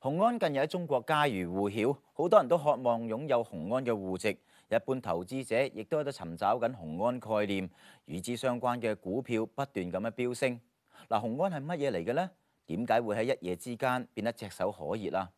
雄安近日喺中國家喻戶曉，好多人都渴望擁有雄安嘅戶籍。一般投資者亦都喺度尋找緊雄安概念，與之相關嘅股票不斷咁樣飆升。嗱，雄安係乜嘢嚟嘅呢？點解會喺一夜之間變得炙手可熱啦？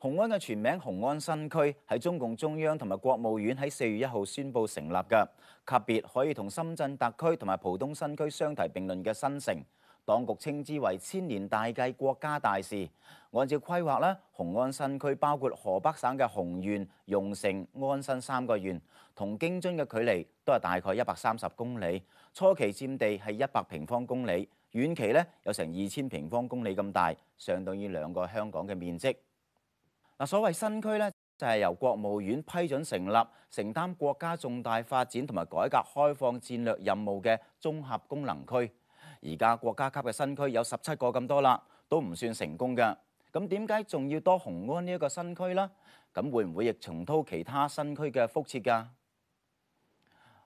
雄安嘅全名雄安新區，喺中共中央同埋國務院喺四月一號宣布成立嘅，級別可以同深圳特區同埋浦東新區相提並論嘅新城。當局稱之為千年大計、國家大事。按照規劃呢，雄安新區包括河北省嘅雄縣、容城、安新三個縣，同京津嘅距離都係大概一百三十公里。初期佔地係一百平方公里，遠期呢有成二千平方公里咁大，相當於兩個香港嘅面積。所謂新區咧，就係由國務院批准成立，承擔國家重大發展同埋改革開放戰略任務嘅綜合功能區。而家國家級嘅新區有十七個咁多啦，都唔算成功嘅。咁點解仲要多雄安呢個新區呢？咁會唔會亦重蹈其他新區嘅覆轍㗎？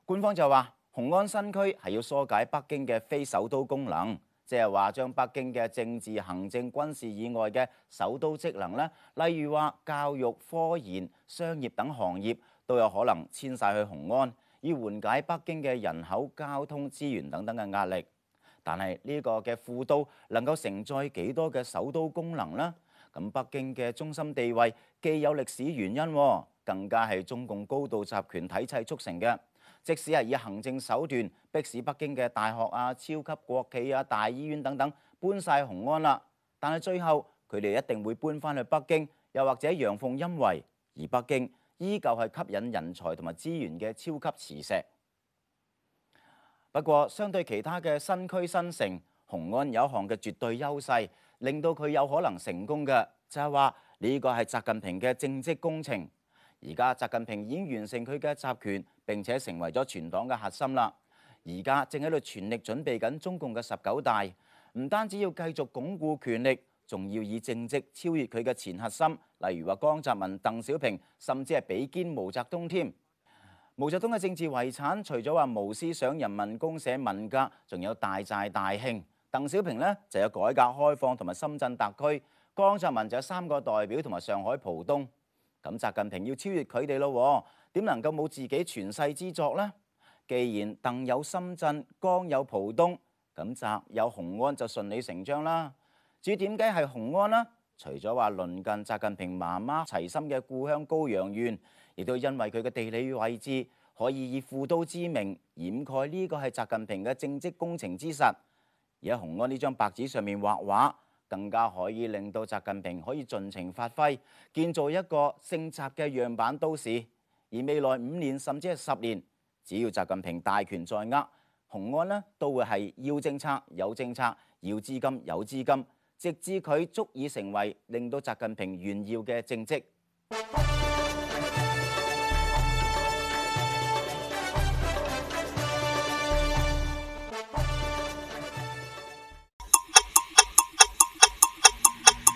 官方就話，雄安新區係要疏解北京嘅非首都功能。即係話將北京嘅政治、行政、軍事以外嘅首都職能咧，例如話教育、科研、商業等行業都有可能遷晒去雄安，以緩解北京嘅人口、交通資源等等嘅壓力。但係呢個嘅副都能夠承載幾多嘅首都功能呢？咁北京嘅中心地位既有歷史原因。更加係中共高度集權體制促成嘅。即使係以行政手段迫使北京嘅大學啊、超級國企啊、大醫院等等搬晒雄安啦，但係最後佢哋一定會搬翻去北京，又或者陽奉陰違而北京依舊係吸引人才同埋資源嘅超級磁石。不過，相對其他嘅新區新城，雄安有一項嘅絕對優勢，令到佢有可能成功嘅就係話呢個係習近平嘅政績工程。而家習近平已經完成佢嘅集權，並且成為咗全黨嘅核心啦。而家正喺度全力準備緊中共嘅十九大，唔單止要繼續鞏固權力，仲要以政績超越佢嘅前核心，例如話江澤民、鄧小平，甚至係比肩毛澤東添。毛澤東嘅政治遺產，除咗話無思想、人民公社、文革，仲有大寨大慶。鄧小平呢就有改革開放同埋深圳特區，江澤民就有三個代表同埋上海浦東。咁習近平要超越佢哋咯，點能夠冇自己傳世之作呢？既然鄧有深圳，江有浦東，咁習有雄安就順理成章啦。至於點解係雄安啦？除咗話鄰近習近，近平媽媽齊心嘅故鄉高陽縣，亦都因為佢嘅地理位置，可以以副都之名掩蓋呢個係習近平嘅政績工程之實。而喺雄安呢張白紙上面畫畫。更加可以令到習近平可以盡情發揮，建造一個政策嘅樣板都市。而未來五年甚至係十年，只要習近平大權在握，雄安呢都會係要政策有政策，要資金有資金，直至佢足以成為令到習近平炫耀嘅政績。